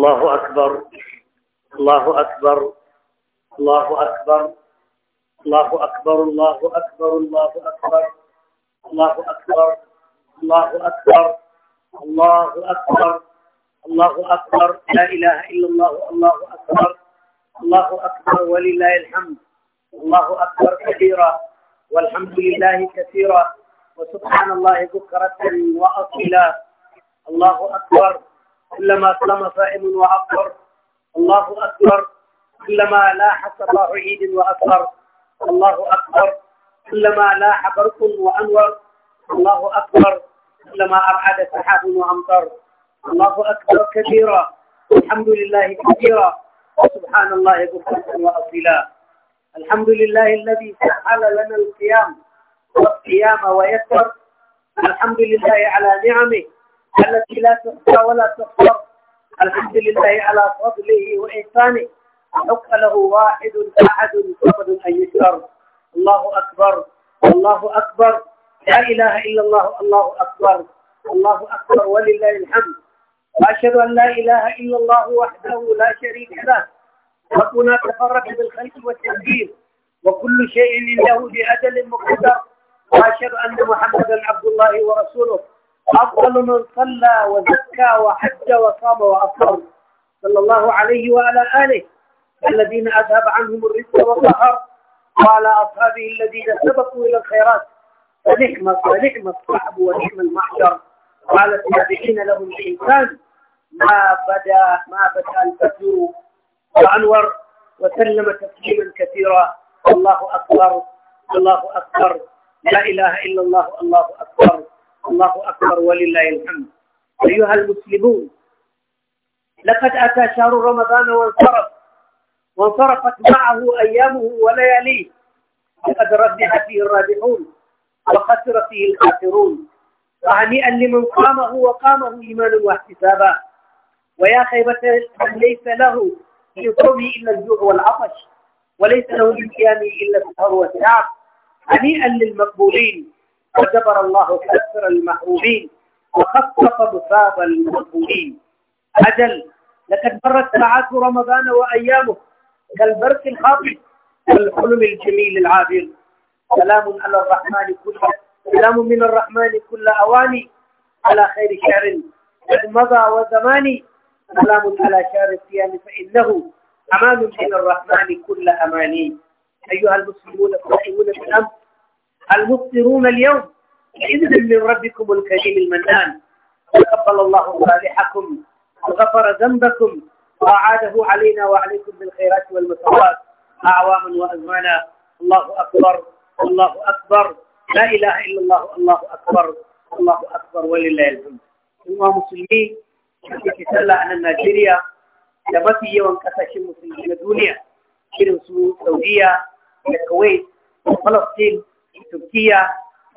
الله أكبر الله أكبر الله أكبر الله أكبر الله أكبر الله أكبر الله أكبر الله أكبر الله أكبر الله أكبر لا إله إلا الله الله أكبر الله أكبر ولله الحمد الله أكبر كثيرا والحمد لله كثيرا وسبحان الله بكرة وأصيلا الله أكبر كلما صام صائم وأفطر الله أكبر كلما لاح صباح عيد وأكبر الله أكبر كلما لاح برق وأنور الله أكبر كلما أرعد سحاب وأمطر الله أكبر كثيرا الحمد لله كثيرا سبحان الله بكرة وأصيلا الحمد لله الذي سهل لنا القيام والقيام ويسر الحمد لله على نعمه التي لا تحصى ولا تحصر الحمد لله على فضله وإحسانه حق له واحد أحد فقد أن يشكر الله أكبر الله أكبر لا إله إلا الله الله أكبر الله أكبر ولله الحمد وأشهد أن لا إله إلا الله وحده لا شريك له ربنا تفرد بالخلق والتدبير وكل شيء له بأجل مقدر وأشهد أن محمدا عبد الله ورسوله أفضل من صلى وزكى وحج وصام وأصر صلى الله عليه وعلى آله الذين أذهب عنهم الرزق والسهر وعلى أصحابه الذين سبقوا إلى الخيرات فنعم فنعم الصحب ونعم المحجر وعلى التابعين لهم الإنسان ما بدا ما بدا الفجر وأنور وسلم تسليما كثيرا الله أكبر الله أكبر لا إله إلا الله الله أكبر الله أكبر ولله الحمد أيها المسلمون لقد أتى شهر رمضان وانصرف وانصرفت معه أيامه ولياليه لقد ربح فيه الرابحون وخسر فيه الخاسرون وهنيئا لمن قامه وقامه إيمانا واحتسابا ويا خيبة من ليس له من صومه إلا الجوع والعطش وليس له من قيامه إلا السهر والتعب هنيئا للمقبولين وجبر الله كسر المحرومين وخفف ضفاف المظلومين أجل لقد مرت ساعات رمضان وأيامه كالبرك الخاطئ والحلم الجميل العابر سلام على الرحمن كل سلام من الرحمن كل أواني على خير شعر قد مضى وزماني سلام على شعر الصيام فإنه أمان من الرحمن كل أماني أيها المسلمون الصائمون بالأمس المبصرون اليوم بإذن من ربكم الكريم المنان تقبل الله صالحكم وغفر ذنبكم وأعاده علينا وعليكم بالخيرات والمسرات أعواما وأزمانا الله أكبر الله أكبر لا إله إلا الله الله أكبر الله أكبر ولله الحمد ثم مسلمين في تسلى أن نيجيريا da يوم yawan kasashen الدنيا في duniya الكويت su Turkiya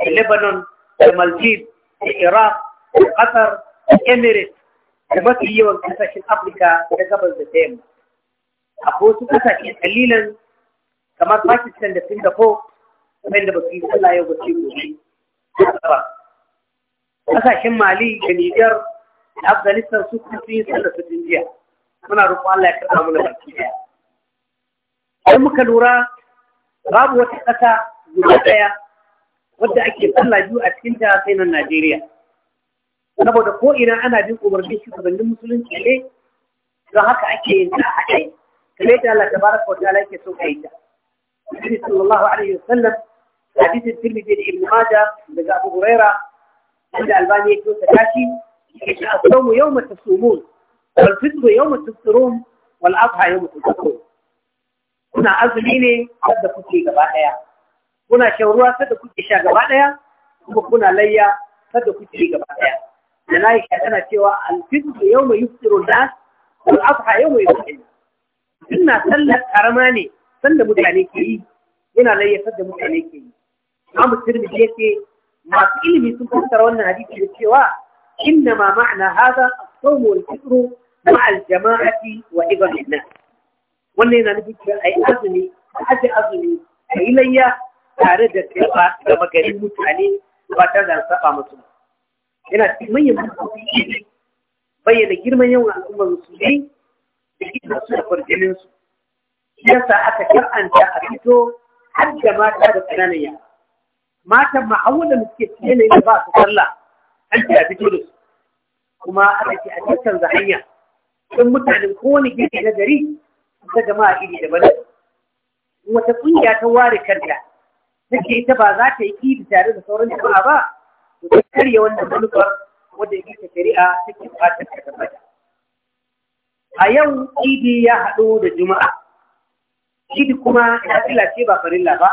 da Lebanon da Maldives da Iraq da Qatar da Emirates da mafi yawan kasashen Afrika da gabas da yamma. Akwai wasu kasashe kamar Pakistan da Singapore wanda ba su yi sallah yau gobe. Kasashen Mali da Niger da Afghanistan su kuma sun yi sallah su jiya. Muna roƙon Allah ya karɓa mana muka lura babu wata ƙasa guda ɗaya wadda ake tsalla biyu a cikin ta sai nan Najeriya. Saboda ko ina ana bin umarnin shugabannin musulunci ne don haka ake yin ta haɗe. Kamar yadda Allah tabaraka wa ta'ala yake so ka yi ta. Nabi sallallahu alaihi wa sallam hadisin Tirmidhi da Ibn Majah daga Abu Huraira wanda Albani ya kyauta tashi yake as yau mata tasumun wal fitru mata tufṭirun wal yau mata tudhakkarun. Kuna azumi ne da kuke gaba ɗaya. kuna shan ruwa kada kuke sha gaba daya kuma kuna layya kada kuke yi gaba daya da na yi tana cewa alfitu yau mai yusiru da wal yau mai yusiru ina sallar karama ne sanda mutane ke yi yana layya sanda mutane ke yi amma tirmidhi yake masu ilimi sun fassara wannan hadisi da cewa ma إنما معنى هذا الصوم والفطر مع الجماعة وعظم الناس wannan yana nufin cewa a yi azumi a ajiye azumi a yi layya tare da gaba da mutane ba ta da saba musu yana cikin manyan bayyana girman yawan al'ummar musulmi da gina su da farjinin su yasa aka kyar'anta a fito har da mata da ƙananan yara matan ma'awulan da suke cikin yanayin da ba su sallah an ce a fito da su kuma aka ce a cikin hanya don mutanen kowane gefe na gari ta jama'a iri daban wata ƙungiya ta ware kanta take ita ba za ta yi idi tare da sauran jama'a ba to ta karya wannan manufar wadda yake ta shari'a take buƙatar ta a yau idi ya haɗu da juma'a idi kuma ya nafila ce ba farilla ba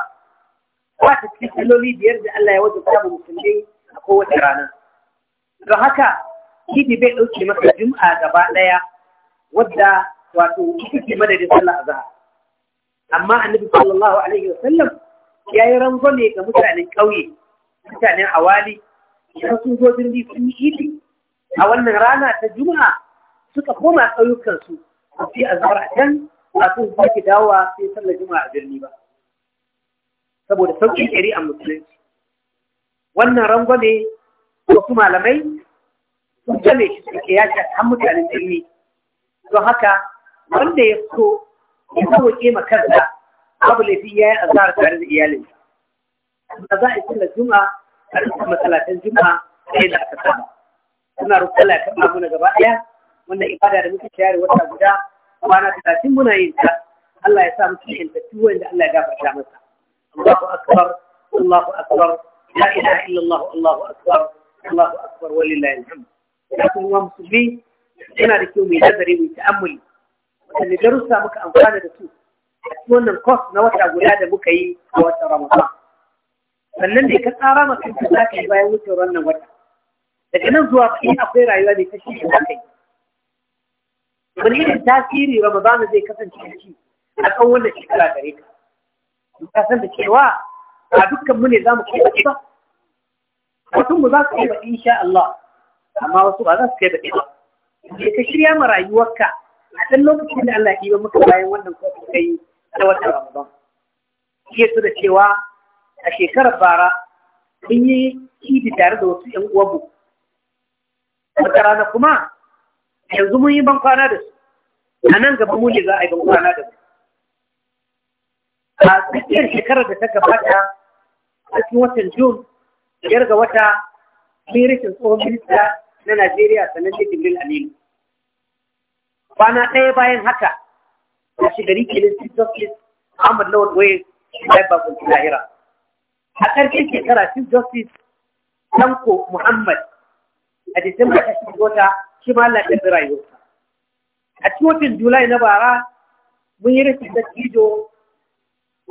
ba ta cikin salloli biyar da Allah ya wajen samun musulmi a kowace rana don haka idi bai ɗauke masa juma'a gaba ɗaya wadda wato ita madadin sallah azhar amma annabi sallallahu alaihi wa sallam ya yi rangwame ga mutanen ƙauye mutanen awali ya sun zo birni sun yi idi a wannan rana ta juma'a suka koma ƙauyukansu a fi a zara can a sun zaki dawowa sai sallar juma'a a birni ba saboda sauƙin a musulunci wannan rangwame wasu malamai sun jame shi suke a kan mutanen birni don haka wanda ya so ya sauke ma kansa babu laifi ya yi azahar tare da iyalinsa da za a yi sallar juma'a a rikon masalatan juma'a sai da aka saba suna rukun Allah ya na mana gaba ɗaya wannan ibada da muke shayar wata guda kwana talatin muna yin ta Allah ya sa mu cikin tattu wanda Allah ya gafarta masa Allahu akbar Allahu akbar la ilaha illallah Allahu akbar Allahu akbar walillahi alhamd ya kuma musulmi yana da kyau mai nazari mai ta'ammuli wanda darussa muka amfana da su wannan kwas na wata guda da muka yi a wata Ramadan. Sannan da ka tsara ma kanka za ka yi bayan wucin wannan wata. Daga nan zuwa in akwai rayuwa ne ta shi da za yi. Wani irin tasiri Ramadan zai kasance shi a kan wannan shekara gare ka. Ka san da cewa a dukkan mu ne za mu kai baki ba. Wasu mu za su kai baki insha Allah. Amma wasu ba za su kai baki ba. ka shirya ma rayuwarka a ɗan lokacin da Allah ya yi muka bayan wannan kofin kai da wata Ramadan. Iya su da cewa a shekarar bara sun yi idi tare da wasu ‘yan uwanmu. Wata rana kuma yanzu mun yi bankwana da su, a nan gaba mu ne za a yi bankwana da su. A cikin shekarar da ta gabata a cikin watan Jun, biyar ga wata mirikin tsohon minista na Najeriya sanar da Jibril Aminu. Kwana ɗaya bayan haka a shi gari kilin chief justice Ahmad Lawal Waye shi ya ba kun lahira a ƙarshen shekara chief justice Tanko Muhammad a Disamba ta shi wata shi ma Allah ta bi rayuwarsa a cikin Julai na bara mun yi rikin da tijo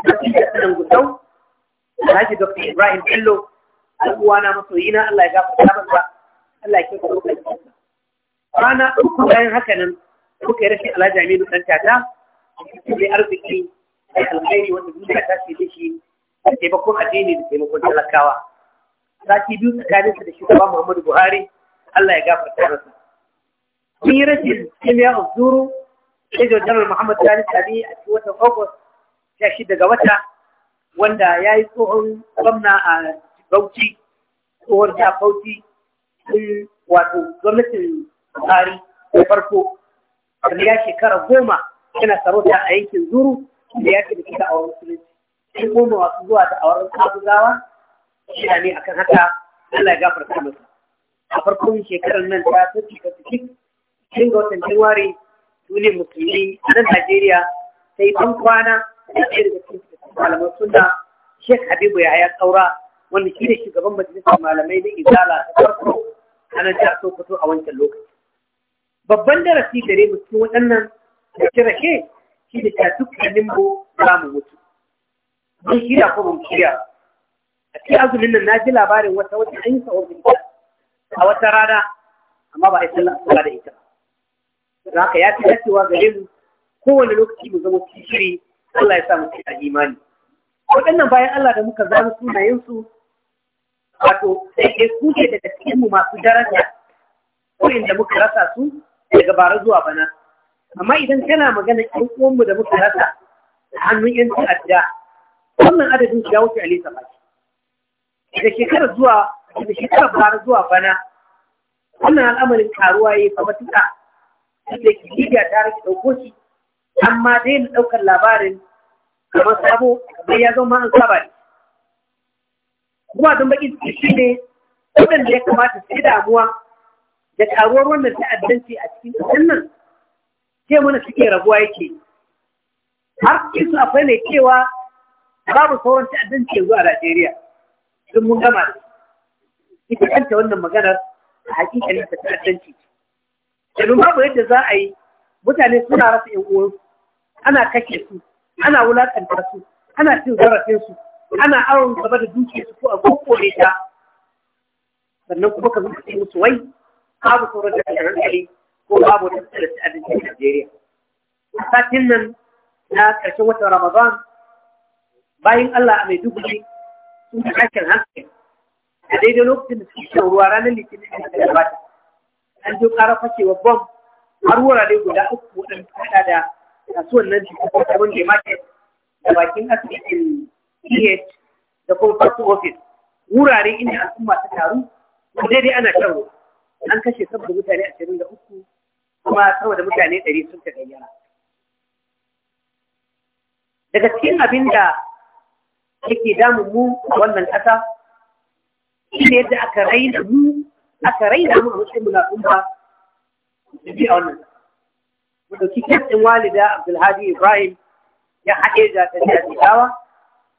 da tijo sanan da Alhaji Dr. Ibrahim Bello ɗan uwana masoyina Allah ya gafarta masa Allah ya kyauta lokacin rana uku bayan haka nan kuka yi rashin alhaji aminu ɗan tata sai arziki da alkhairi wanda duniya ta ce dashi da taimakon addini da taimakon talakawa sati biyu tsakanin da shugaba Muhammadu Buhari Allah ya gafarta masa sun yi rashin kimiyya uzuru sai janar Muhammadu Sani Sani a cikin watan August sha shida ga wata wanda ya yi tsohon gwamna a Bauchi tsohon ta Bauchi wato gwamnatin Buhari da farko ya shekara goma yana sarauta a yankin zuru da ya da kita a wurin musulunci shi goma masu zuwa da auren kabuzawa na ne akan haka Allah ya gafarta a farkon shekarar nan ta tafi ka ciki shi ga watan Januwari duniyar musulmi a nan Najeriya yi ɗan kwana da ɗaya daga cikin malaman suna Sheikh Habibu ya Kaura wanda shi ne shugaban majalisar malamai na Izala ta farko a nan jihar Sokoto a wancan lokaci. Babban darasi gare mu cikin waɗannan da rake shi da ta dukkanin mu za mu mutu mun kira ko mun kira a cikin azumin nan na ji labarin wata wata an yi sa'o'i a wata rana amma ba a yi sallah asuba da ita ba za ka ya fi dacewa gare mu kowane lokaci mu zama shiri, Allah ya sa mu a imani waɗannan bayan Allah da muka zama sunayensu wato sai ke kuke daga cikin mu masu daraja ko inda muka rasa su daga bara zuwa bana amma idan kana magana ƴan uwanmu da muka rasa da hannun ƴan ta'adda wannan adadin ya wuce alai ta baki da shekarar zuwa da shekarar bara zuwa bana wannan al'amarin karuwa ya yi fa matuƙa da kiliya ta rage ɗauko shi amma dai na ɗaukar labarin kamar sabo kamar ya zama an saba ne kuma don baƙin ciki shi ne waɗanda ya kamata su yi damuwa da karuwar wannan ta'addanci a cikin ƙasar nan ke mana suke rabuwa yake har cikin su akwai mai cewa babu sauran ta'addanci yanzu a Najeriya sun mun gama da ita kanta wannan maganar a hakika ne ta ta'addanci domin babu yadda za a yi mutane suna rasa yan uwansu ana kake su ana wulakanta su ana cin zarafin su ana awon gaba da dukiyar su ko a kokore ta sannan kuma ka zuba musu wai babu sauran da hankali ko babu wata matsala abinci a Najeriya. A satin nan na ƙarshen watan Ramadan bayan Allah a Maiduguri sun fi kashin hankali a daidai lokacin da suke shan ruwa ranar Litinin da ta gabata. An ji ƙara fashewa bom har wurare guda uku waɗanda haɗa da kasuwan nan da kuma sabon market da bakin asibitin PH da kuma Fatu Office. Wurare inda al'umma ta taru, daidai ana shan ruwa. An kashe saboda mutane ashirin da uku. kuma saboda mutane ɗari sun ta gayyana daga cikin abin da yake damun mu a wannan ƙasa shi ne yadda aka raina mu aka raina mu a matsayin mu na umma da bi a wannan ƙasa mu ɗauki ɗin walida abdulhadi ibrahim ya haɗe da tafiya jigawa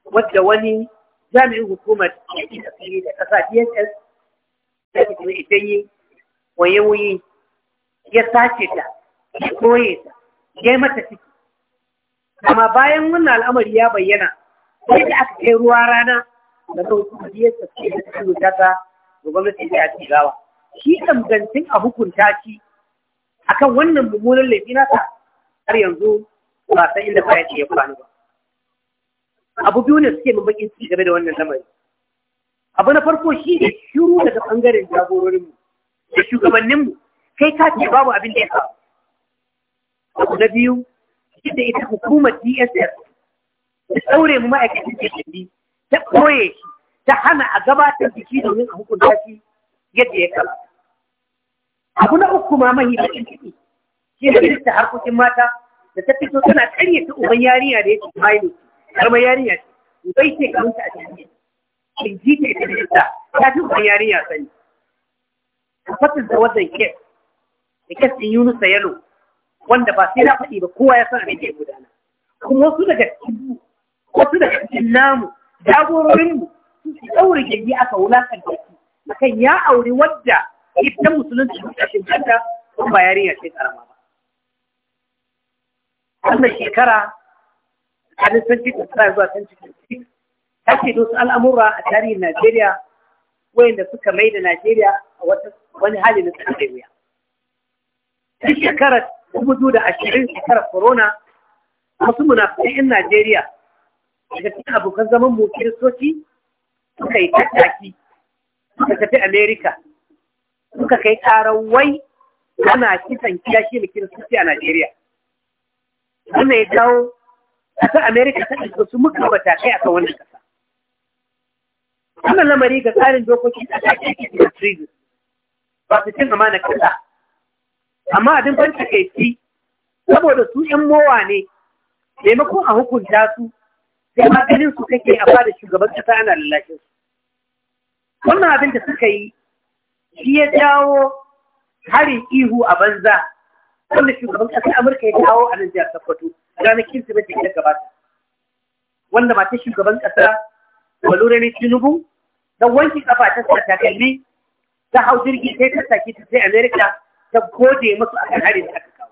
wadda wani jami'in hukumar yaƙi da da ƙasa dss da kuma ita yi waye ya sace ta ya koye ta ya mata ciki amma bayan wannan al'amari ya bayyana sai da aka kai ruwa rana da kan kudiyar ta ce da ta rubuta ta ga gwamnati ta ci gawa shi dangantin a hukunta shi akan wannan mummunan laifi nasa har yanzu ba san inda baya ce ya kwano ba abu biyu ne suke mabakin ci game da wannan lamari abu na farko shi ne shiru daga bangaren jagororinmu da shugabanninmu kai ka ce babu abin da ya faru abu na biyu shi da ita hukumar DSS da daure mu ma'aikacin jirgi ta koye shi ta hana a gabatar jiki domin a hukunta shi yadda ya kama. abu na uku ma mahi bakin ciki shi da ta harkokin mata da ta fito tana karye ta uban yarinya da yake mayu karma yarinya ce bai ce ka mutu a cikin in ji ta ita ta fi uban yarinya sani Ka fatin da wannan kyau. da kes ɗin Yunusa Yalo wanda ba sai na faɗi ba kowa ya san abin ya gudana. Kuma wasu daga cikin wasu daga cikin namu jagororinmu sun fi ɗaure gindi aka wulaƙanta shi akan ya auri wadda ita musulunci ta shimfanta ko ba yarinya ce karama ba. Wannan shekara a nisanci ta tsara zuwa can cikin ta ce da wasu al'amura a tarihin Najeriya wayanda suka mai da Najeriya a wani hali na tsarkar wuya. duk shekarar dubu biyu da ashirin shekarar corona wasu munafikai 'yan Najeriya daga cikin abokan zaman mu kiristoci suka yi tattaki suka tafi Amerika suka kai wai ana kisan kiyashi da kiristoci a Najeriya. Wannan ya dawo ƙasar Amerika ta ɗauki wasu muka matakai akan wannan ƙasa. Wannan lamari ga tsarin dokoki a ƙasashen Kiristoci ba su cin amana kasa amma abin ban takaici saboda su ‘yan mowa ne maimakon a hukunta su sai ma ganin su kake a bada shugaban kasa ana lallashin su wannan abin da suka yi shi ya jawo hari ihu a banza wanda shugaban kasar amurka ya kawo a nan jihar sokoto ranar su mace jikin gabata wanda mata shugaban ƙasa, walure ne tinubu don wanki kafa ta takalmi ta hau jirgi sai ta saki ta sai amerika ta gode musu a kan hari da aka kawo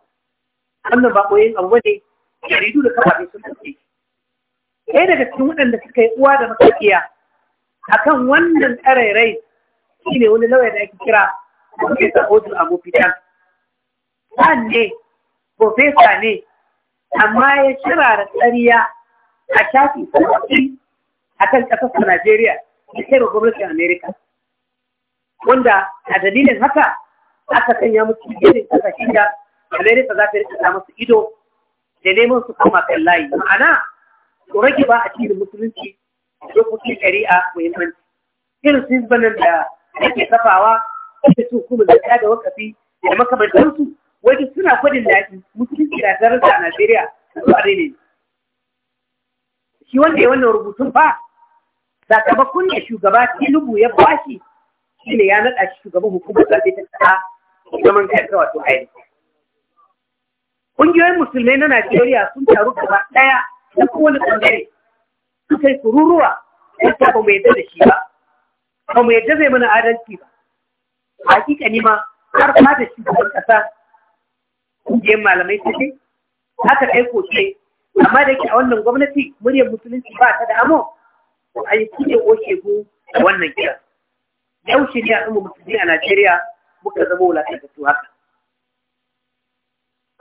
wannan ba koyin abu ne jaridu da kafafe sun ɗauke ɗaya daga cikin waɗanda suka yi uwa da makakiya akan wannan tsarairai shi ne wani lauya da ake kira Profesa Odu Abu Fitan. Ɗan ne, Profesa ne, amma ya shira da tsariya a shafi sarki a kan ƙasar Najeriya da kai gwamnatin Amerika. Wanda a dalilin haka aka sanya musu irin kasa da kalarinsa za ta rika ta musu ido da neman su kama kan layi ma'ana su rage ba a cikin musulunci dokokin shari'a muhimmanci irin su banan da ake kafawa da su kuma da ta da wakafi da makamantansu wajen suna kwadin daɗi musulunci da zarar da a najeriya su a ne. shi wanda ya wannan rubutun ba sakamakon ne shugaba tinubu ya bashi shi ne ya naɗa shugaban hukumar zaɓe ta ƙasa zaman kansa musulmai na Najeriya sun taru gaba ɗaya da kowane su kai sururuwa kururuwa yadda ba mu yadda da shi ba ba mu yadda zai mana adalci ba hakika ni ma har ma da shi gaban kasa. ƙungiyar malamai ta ce haka kai ce amma da yake a wannan gwamnati muryar musulunci ba ta da amo a yi kuɗe oke go wannan kira yau shi ne a musulmi a Najeriya muka zama wulaƙantattu haka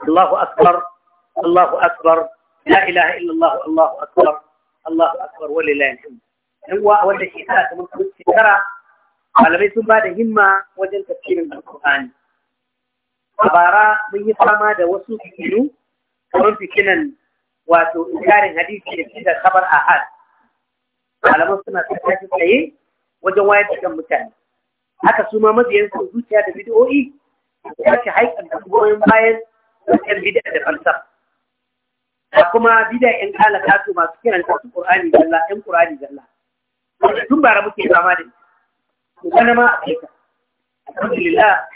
Allahu akbar Allahu akbar la ilaha illallah Allahu akbar Allahu akbar walillahi alhamd dan uwa wanda ke sa kamar kuma shekara malamai sun ba da himma wajen tafsirin alqur'ani a bara mun yi fama da wasu fitilu kamar fikinan wato inkarin hadisi da fitar kabar ahad malamai suna tashi tsaye wajen wayar da kan mutane haka su ma mabiyan su zuciya da bid'o'i ya ce haikan da goyon bayan wajen bid'a da falsafa da kuma bid'a yan kala kasu masu kiran ta su qur'ani zalla yan qur'ani zalla tun bara muke fama da su kana ma a kai alhamdulillah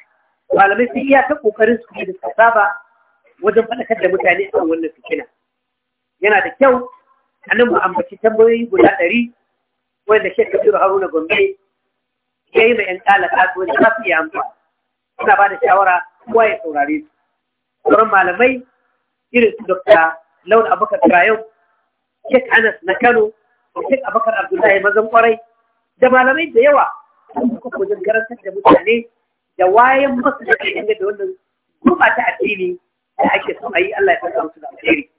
malamai sun iya ta kokarin su da saba wajen faɗakar da mutane a wannan fikina yana da kyau a nan mu ambaci tambayoyi guda ɗari wanda shekaru haruna gombe ya yi mai ‘yan ɗalaka su ne za su suna ba da shawara kowa ya saurare su sauran malamai irin su dokta laun abubakar turayen shek anas na kano shek abubakar abdullahi mazan kwarai da malamai da yawa sun wajen garantar da mutane da wayan masu da da wannan gurɓata addini da ake so a yi Allah ya fasa musu da alheri.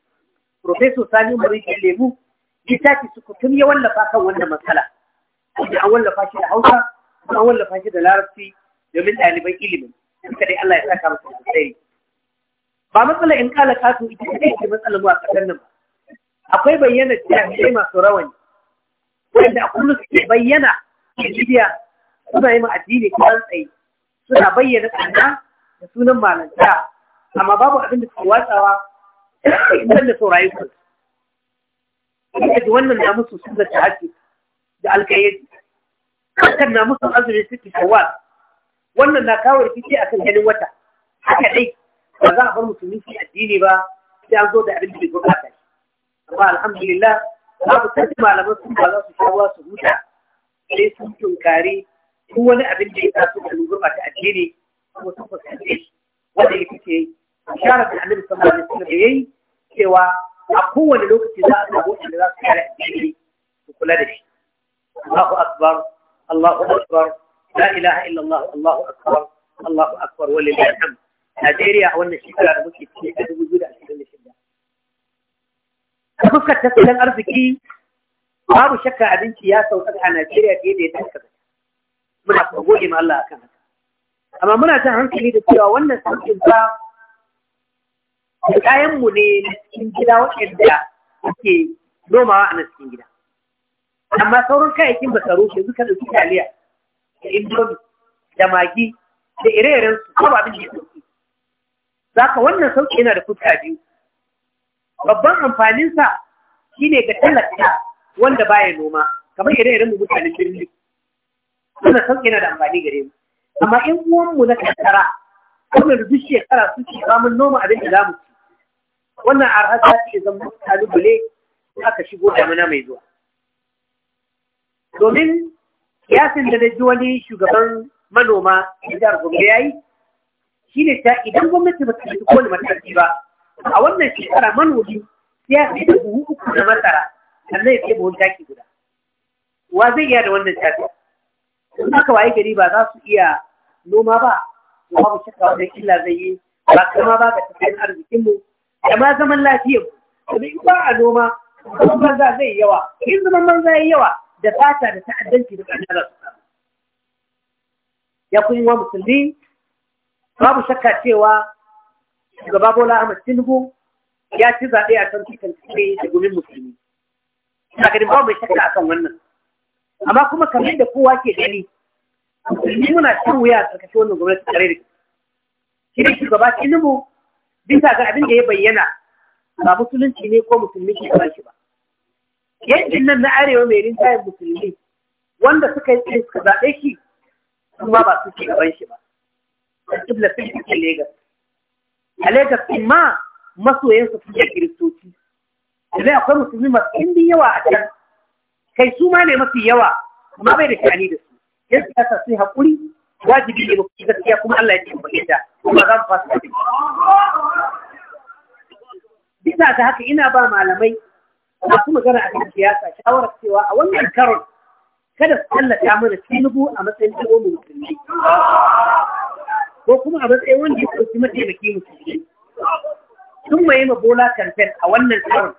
Profesor Sani Murishin Lemu littafi su kutum ya wallafa kan wannan matsala. Kuma an wallafa shi da Hausa kuma an wallafa shi da larabci domin ɗaliban ilimin suka dai Allah ya saka masa tsari ba matsala in kala kafin ita ce ce matsala mu a kasar nan akwai bayyana sai masu rawani wanda a kullum suke bayyana bidiya suna yi ma addini an tsaye suna bayyana kanna da sunan malanta amma babu abin da suke watsawa idan da saurayi ku da wannan na musu sun da haƙi da alkayyadi kan na musu azumi suke shawwal wannan na kawo rikici akan ganin wata haka dai ba za a bar musulmi shi addini ba sai an zo da abin da bai gurɓata shi amma alhamdulillah babu tantu malaman sun ba za su shawwa su huta sai sun tunkari duk wani abin da ya su da gurɓata addini kuma sun fuskanci wanda ya fice bisharar da annabi sallallahu alaihi wasallam yayi cewa a kowane lokaci za a samu wanda za su kare addini su kula da shi Allahu akbar الله أكبر لا إله إلا الله الله أكبر الله أكبر ولله الحمد هذيري أول نشيدها المسجد في هذا الوجود أشهد أن لا إله إلا الله فكفك تصل الأرض كي ما بشكى عن سياسة وتضحى نجيريا في يدي تنكبت من أقول ما الله أكبر أما من أتاه عنك لي دكتور وأنا سمعت ذا الآية مني نسكين كذا وكذا أوكي لو ما أنا نسكين amma sauran kayayyakin masarufi suka ɗauki taliya da indomi da magi da ire-iren su kuma abin da ya sauki za ka wannan sauki yana da fuska biyu babban amfaninsa shine ga tallata wanda baya noma kamar ire-iren mu mutanen birni Suna sauki yana da amfani gare mu amma in uwanmu na karkara wannan duk shekara suke samun noma abin da za mu ci wannan arha ta ce zama kalubale aka shigo damina mai zuwa domin yasin da ji wani shugaban manoma da jihar Gombe ya yi shi ne ta idan gwamnati ba ta yi kowane matarki ba a wannan shekara manomi ya fi da buhu uku na matsara sannan ya fi buhun taki guda wa zai iya da wannan tafiya in aka waye gari ba za su iya noma ba ba babu shakka wajen illa zai yi ba kama ba ga cikin arzikinmu da ma zaman lafiyar, domin ba a noma zaman banza zai yawa in zaman banza ya yawa da fata da ta'addanci da ƙarfi za ya kun yi wa musulmi babu shakka cewa shugaba bola ahmad tinubu ya ci zaɓe a kan cikin tsaye da gumin musulmi ina ganin babu mai shakka akan wannan amma kuma kamar da kowa ke gani musulmi muna cin wuya a ƙarƙashin wannan gwamnati tare da shi ne shugaba tinubu bisa ga abin da ya bayyana ba musulunci ne ko musulmi ke ba shi ba yankin nan na arewa mai rinjayen musulmi wanda suka yi suka zaɓe shi kuma ba su ke gaban shi ba da kibla sun Legas. A Legas ɗin ma masoyan su suke kiristoci. kuma akwai musulmi masu ɗimbin yawa a can. Kai su ma ne mafi yawa amma bai da shani da su. Yan siyasa sun haƙuri wajibi ne mafi gaskiya kuma Allah ya ce ba yadda kuma za mu fasa Bisa ga haka ina ba malamai masu magana a cikin siyasa shawara cewa a wannan karon kada su tallata mana tinubu a matsayin mu musulmi ko kuma a matsayin wanda ya ɗauki mataimaki musulmi sun maye ma bola kamfen a wannan karon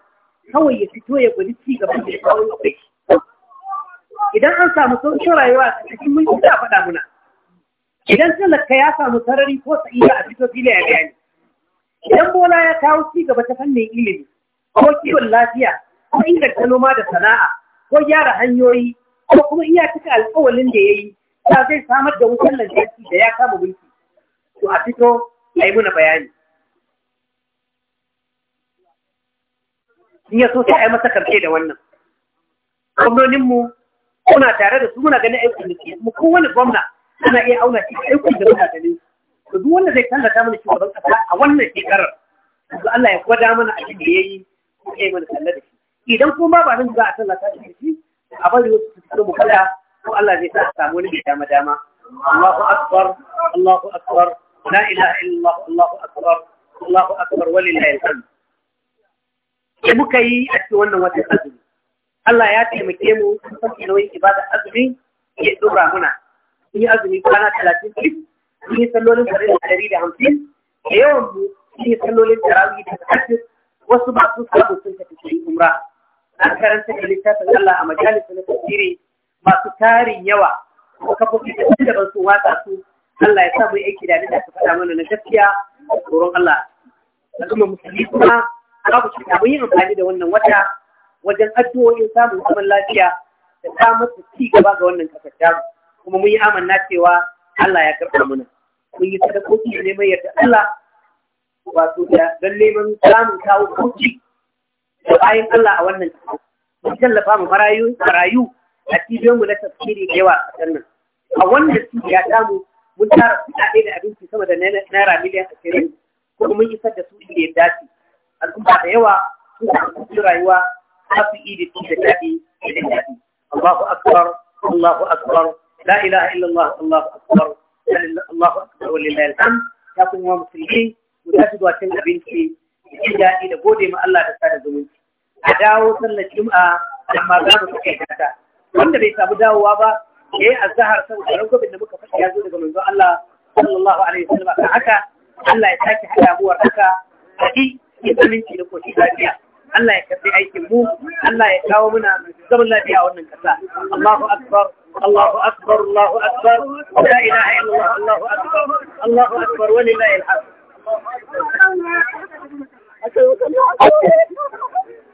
kawai ya fito ya gwani ci gaban da ya idan an samu sauƙin rayuwa a cikin mun yi faɗa muna idan tallaka ya samu sarari ko sa'ida a fito fili a gani idan bola ya kawo ci gaba ta fannin ilimi ko kiwon lafiya ko inganta noma da sana'a ko gyara hanyoyi ko kuma iya cika alƙawalin da ya yi ta zai samar da wutar lantarki da ya kama mulki to a fito a yi muna bayani in ya so sai a yi masa karshe da wannan gwamnoninmu kuna tare da su muna ganin aikin da ke mu kowane gwamna ana iya auna shi aikin da muna ganin to duk wanda zai tallata mana shugaban kasa a wannan shekarar Allah ya gwada mana abin da ya yi ko ya yi mana talla shi idan kuma ba nan za a tallata da shi a bari wasu su tsaro mukalla ko Allah zai sa samu wani dama dama Allahu akbar Allahu akbar la ilaha illallah Allahu akbar Allahu akbar walillahi alhamd ke muka yi a cikin wannan wata azumi Allah ya taimake mu sun san nauyin ibada azumi ya dora muna in yi azumi kwana talatin ɗin in yi sallolin ɗari da ɗari da hamsin da yawan mu in yi sallolin tarawih da tahajjud wasu ba su samu sun tafi umra an karanta da littafin Allah a majalisa na tafsiri masu tarin yawa ko kafofi da ban sun watsa su Allah ya sa mu aiki da da su faɗa mana na gaskiya da tsoron Allah kuma musulmi kuma a shi da mun yi amfani da wannan wata wajen addu'o'in samun zaman lafiya da ta da ci gaba ga wannan kasar kuma mun yi amanna cewa Allah ya karɓa mana mun yi sadakoki da neman yarda Allah wato da don neman samun kawo kauci da bayan Allah a wannan cikin Mun tallafa mu marayu marayu a mu na tafsiri da yawa a ƙasar nan. A wannan ya damu mun tara kuɗaɗe da abinci sama da naira miliyan ashirin kuma mun isar da su inda ya dace. Al'umma da yawa sun samu rayuwa za su yi da da daɗi da daɗi. Allahu akbar Allahu akbar la ilaha illallah Allahu akbar Allahu akbar walillahi alhamd ya kuma musulmi mu tashi zuwa cin abinci da jin daɗi da gode ma Allah da sada zumunci. dawo sallar juma'a da za mu kai ta wanda bai samu dawowa ba ya yi azahar saboda rangwamin da muka faɗi ya zo daga manzo Allah sallallahu alaihi wasallam kan haka Allah ya sake haɗa buwar haka haɗi ya aminci da koshi lafiya Allah ya karɓi aikin mu Allah ya kawo muna zaman lafiya a wannan ƙasa Allahu akbar Allahu akbar Allahu akbar la ilaha illallah Allahu akbar Allahu akbar wa lillahi alhamd